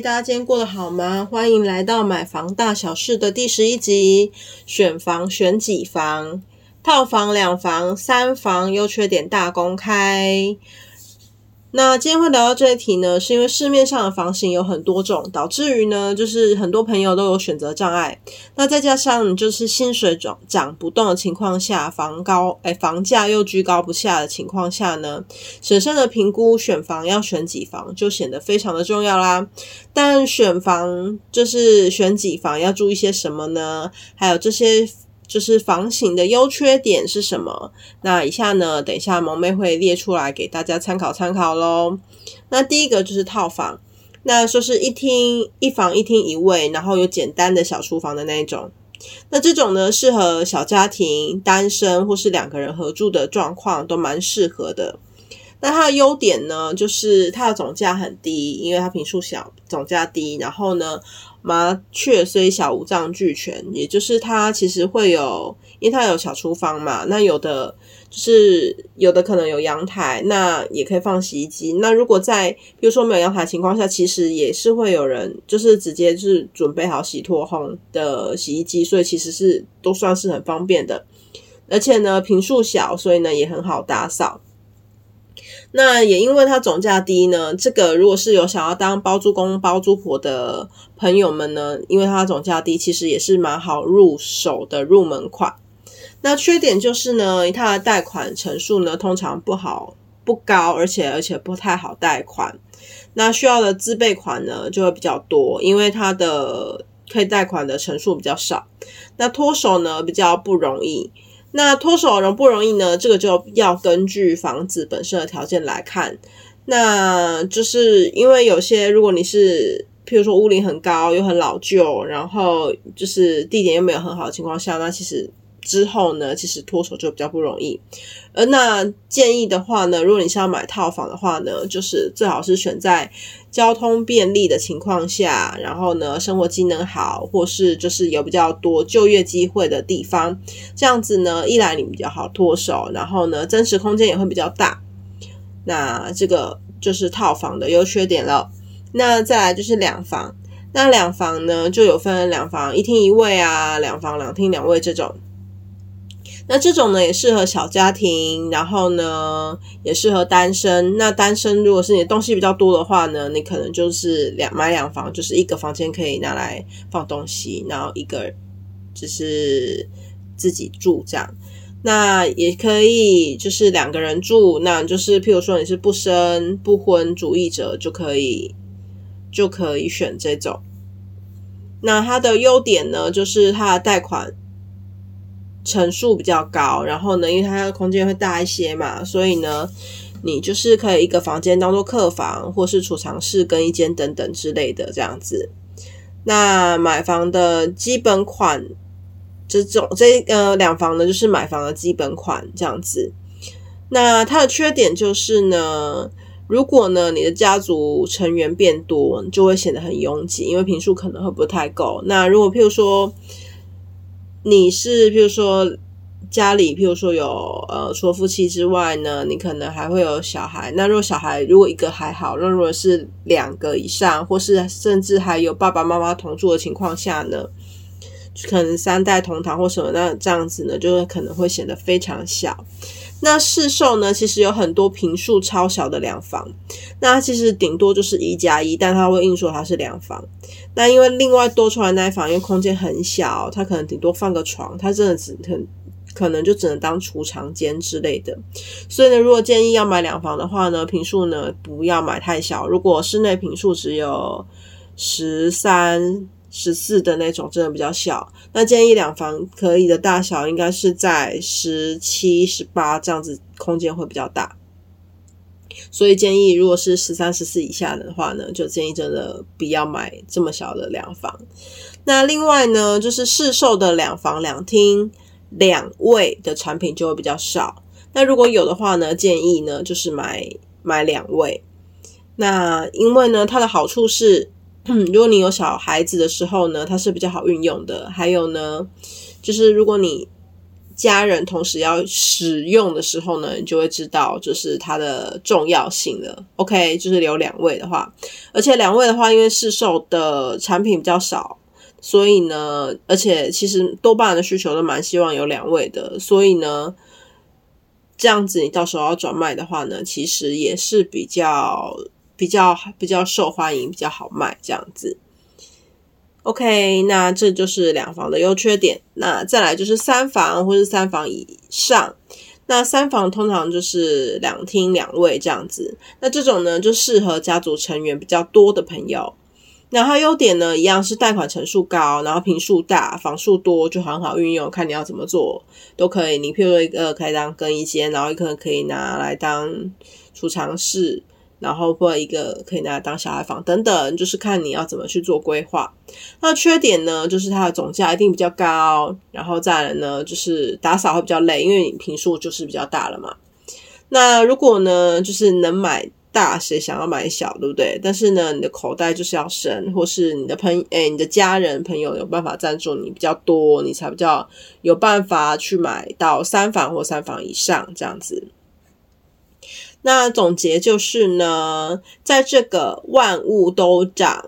大家今天過得好嗎？歡迎來到買房大小事的第十一集，選房選幾房？套房、兩房、三房優缺點大公開。那今天會聊到這一題呢，是因為市面上的房型有很多種，導致於呢，就是很多朋友都有選擇障礙。那再加上就是薪水漲漲不動的情況下，房高、哎、房價又居高不下的情況下呢，審慎的評估選房要選幾房，就顯得非常的重要啦。但選房就是選幾房要注意些什麼呢？還有這些。就是房型的優缺點是什麼？那以下呢，等一下萌咩會列出來給大家參考參考咯。那第一個就是套房，那說是一廳一房一廳一衛，然後有簡單的小廚房的那種。那這種呢，適合小家庭、單身或是兩個人合住的狀況都蠻適合的。那它的優點呢，就是它的總價很低，因為它坪數小，總價低，然後呢，麻雀雖小，五臟俱全，也就是它其實會有，因為它有小廚房嘛。那有的就是有的可能有陽台，那也可以放洗衣機。那如果在比如說沒有陽台情況下，其實也是會有人就是直接就是準備好洗脫烘的洗衣機，所以其實是都算是很方便的。而且呢，坪數小，所以呢也很好打掃。那也因為它總價低呢，這個如果是有想要當包租公包租婆的朋友們呢，因為它總價低，其實也是蠻好入手的入門款。那缺點就是呢，它的貸款成數呢通常不好不高，而且而且不太好貸款，那需要的自備款呢就會比較多，因為它的可以貸款的成數比較少，那脫手呢比較不容易。那脫手容不容易呢？這個就要根據房子本身的條件來看。那就是因為有些，如果你是，譬如說屋齡很高又很老舊，然後就是地點又沒有很好的情況下，那其實之後呢，其實脫手就比較不容易。呃，那建議的話呢，如果你是要買套房的話呢，就是最好是選在。交通便利的情況下，然後呢，生活機能好，或是就是有比較多就業機會的地方，這樣子呢，一來你比較好脫手，然後呢，增值空間也會比較大。那這個就是套房的優缺點了。那再來就是兩房，那兩房呢就有分兩房一廳一衛啊，兩房兩廳兩衛這種。那這種呢也適合小家庭，然後呢也適合單身。那單身如果是你的東西比較多的話呢，你可能就是兩買兩房，就是一個房間可以拿來放東西，然後一個就是自己住這樣。那也可以就是兩個人住，那就是譬如說你是不生不婚主義者，就可以就可以選這種。那它的優點呢，就是它的貸款。層數比較高，然後呢，因為它的空間會大一些嘛，所以呢，你就是可以一個房間當做客房，或是儲藏室跟一間等等之類的這樣子。那買房的基本款這種這呃兩房呢，就是買房的基本款這樣子。那它的缺點就是呢，如果呢你的家族成員變多，就會顯得很擁擠，因為坪數可能會不太夠。那如果譬如說，你是譬如說家裡，譬如說有呃說夫妻之外呢，你可能還會有小孩。那如果小孩如果一個還好，那如果是兩個以上，或是甚至還有爸爸媽媽同住的情況下呢，可能三代同堂或什麼，那這樣子呢，就會可能會顯得非常小。那市售呢，其實有很多坪數超小的兩房，那其實頂多就是一加一，1, 但它會硬說它是兩房。那因為另外多出來的那一房，因為空間很小，它可能頂多放個床，它真的只可能就只能當儲藏間之類的。所以呢，如果建議要買兩房的話呢，坪數呢不要買太小。如果室內坪數只有十三。十四的那種真的比較小，那建議兩房可以的大小應該是在十七、十八這樣子，空間會比較大。所以建議如果是十三、十四以下的話呢，就建議真的不要買這麼小的兩房。那另外呢，就是市售的兩房兩廳兩衛的產品就會比較少。那如果有的話呢，建議呢就是買買兩衛，那因為呢它的好處是。嗯，如果你有小孩子的時候呢，它是比較好運用的。還有呢，就是如果你家人同時要使用的時候呢，你就會知道就是它的重要性了。OK，就是留兩位的話，而且兩位的話，因為市售的產品比較少，所以呢，而且其實多半的需求都蠻希望有兩位的，所以呢，這樣子你到時候要轉賣的話呢，其實也是比較。比較比較受歡迎，比較好賣這樣子。OK，那這就是兩房的優缺點。那再來就是三房，或是三房以上。那三房通常就是兩廳兩衛這樣子。那這種呢，就適合家族成員比較多的朋友。那它優點呢，一樣是貸款成數高，然後坪數大，房數多，就很好運用。看你要怎麼做都可以。你譬如一個可以當更衣間，然後一個可以拿來當儲藏室。然後或一個可以拿來當小孩房等等，就是看你要怎麼去做規劃。那缺點呢，就是它的總價一定比較高，然後再來呢，就是打掃會比較累，因為你坪數就是比較大了嘛。那如果呢，就是能買大，誰想要買小，對不對？但是呢，你的口袋就是要深，或是你的朋友，哎，你的家人朋友有辦法贊助你比較多，你才比較有辦法去買到三房或三房以上，這樣子。那總結就是呢，在這個萬物都漲，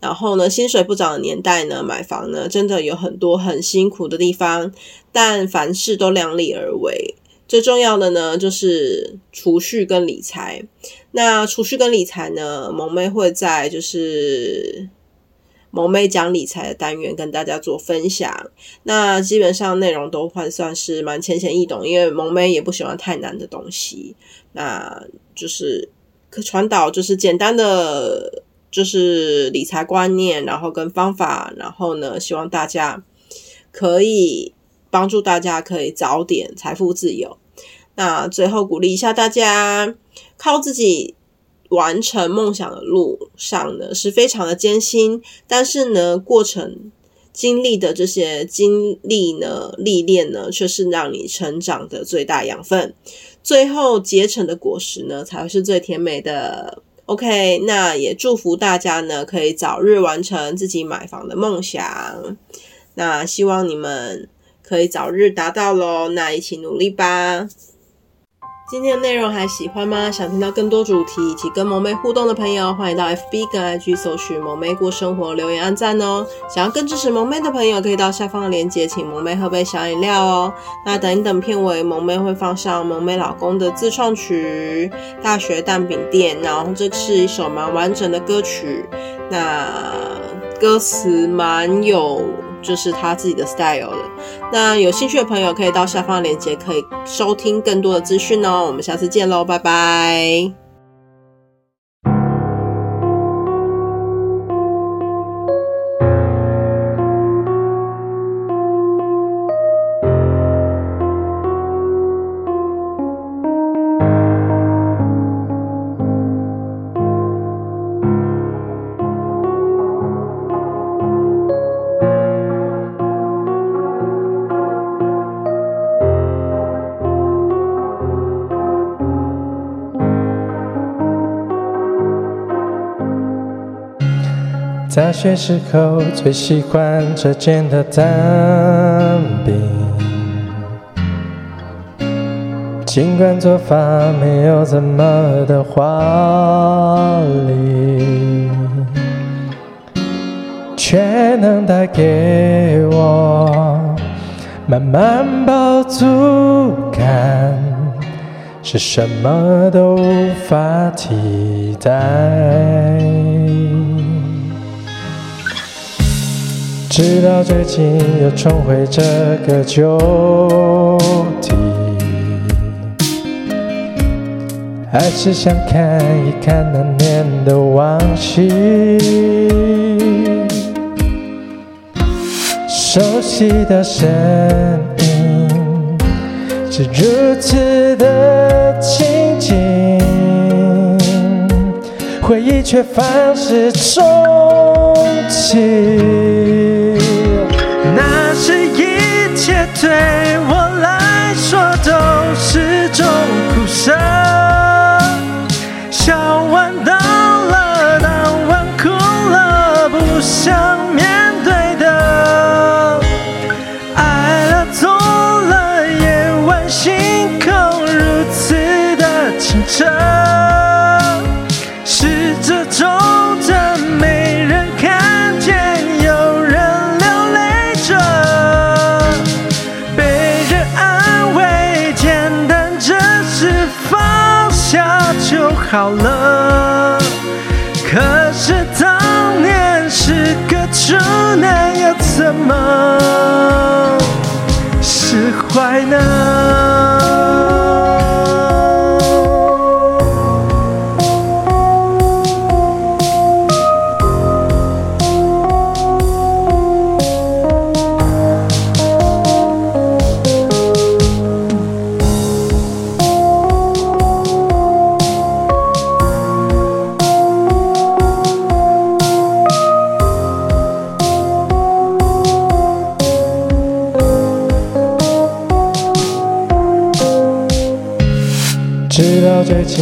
然後呢，薪水不漲的年代呢，買房呢，真的有很多很辛苦的地方。但凡事都量力而為，最重要的呢，就是儲蓄跟理財。那儲蓄跟理財呢，萌咩會在就是。萌咩講理財的單元跟大家做分享，那基本上內容都換算是蠻淺顯易懂，因為萌咩也不喜歡太難的東西，那就是傳導，就是簡單的就是理財觀念，然後跟方法，然後呢，希望大家可以幫助大家可以早點財富自由。那最後鼓勵一下大家，靠自己。完成夢想的路上呢，是非常的艱辛，但是呢，過程經歷的這些經歷呢、歷練呢，卻是讓你成長的最大養分。最後結成的果實呢，才是最甜美的。OK，那也祝福大家呢，可以早日完成自己買房的夢想。那希望你們可以早日達到咯。那一起努力吧！今天的內容還喜歡嗎？想聽到更多主題，以及跟萌咩互動的朋友，歡迎到 F B 跟 I G 搜尋萌咩過生活，留言、按讚哦。想要更支持萌咩的朋友，可以到下方的鏈接，請萌咩喝杯小飲料哦。那等一等，片尾萌咩會放上萌咩老公的自創曲《大學蛋餅店》，然後這是一首蠻完整的歌曲，那歌詞蠻有。就是他自己的 style 了。那有興趣的朋友可以到下方鏈接，可以收聽更多的資訊哦。我們下次見嘍，拜拜。大學時候最喜歡吃煎的蛋餅，儘管做法沒有怎麼的華麗，卻能帶給我滿滿飽足感，是什麼都無法替代。直到最近又重回這個舊地，還是想看一看那年的往昔。熟悉的身影是如此的親近，回憶卻泛起蹤跡。那是一切對好了，可是當年是個處男，又怎麼釋懷呢？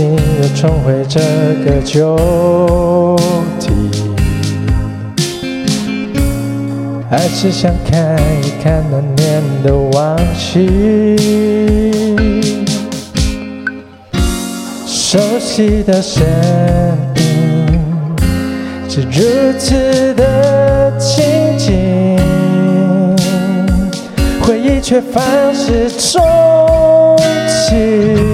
又重回這個舊地，還是想看一看那年的往昔。熟悉的身影是如此的親近，回憶卻泛是潮起。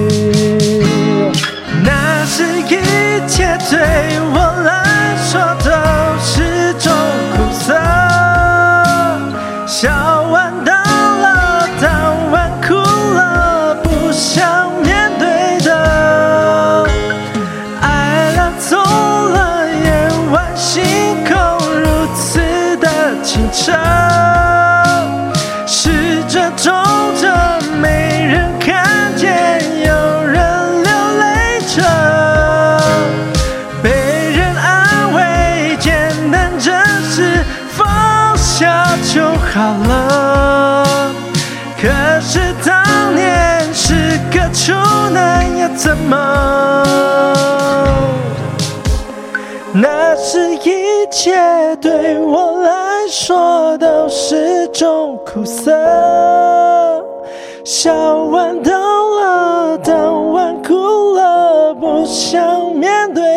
好了，可是當年是個處男，要怎麼？那時一切對我來說都是種苦澀，笑完痛了，當晚哭了，不想面對。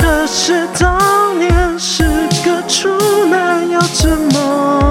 可是當年是個處男，又怎麼？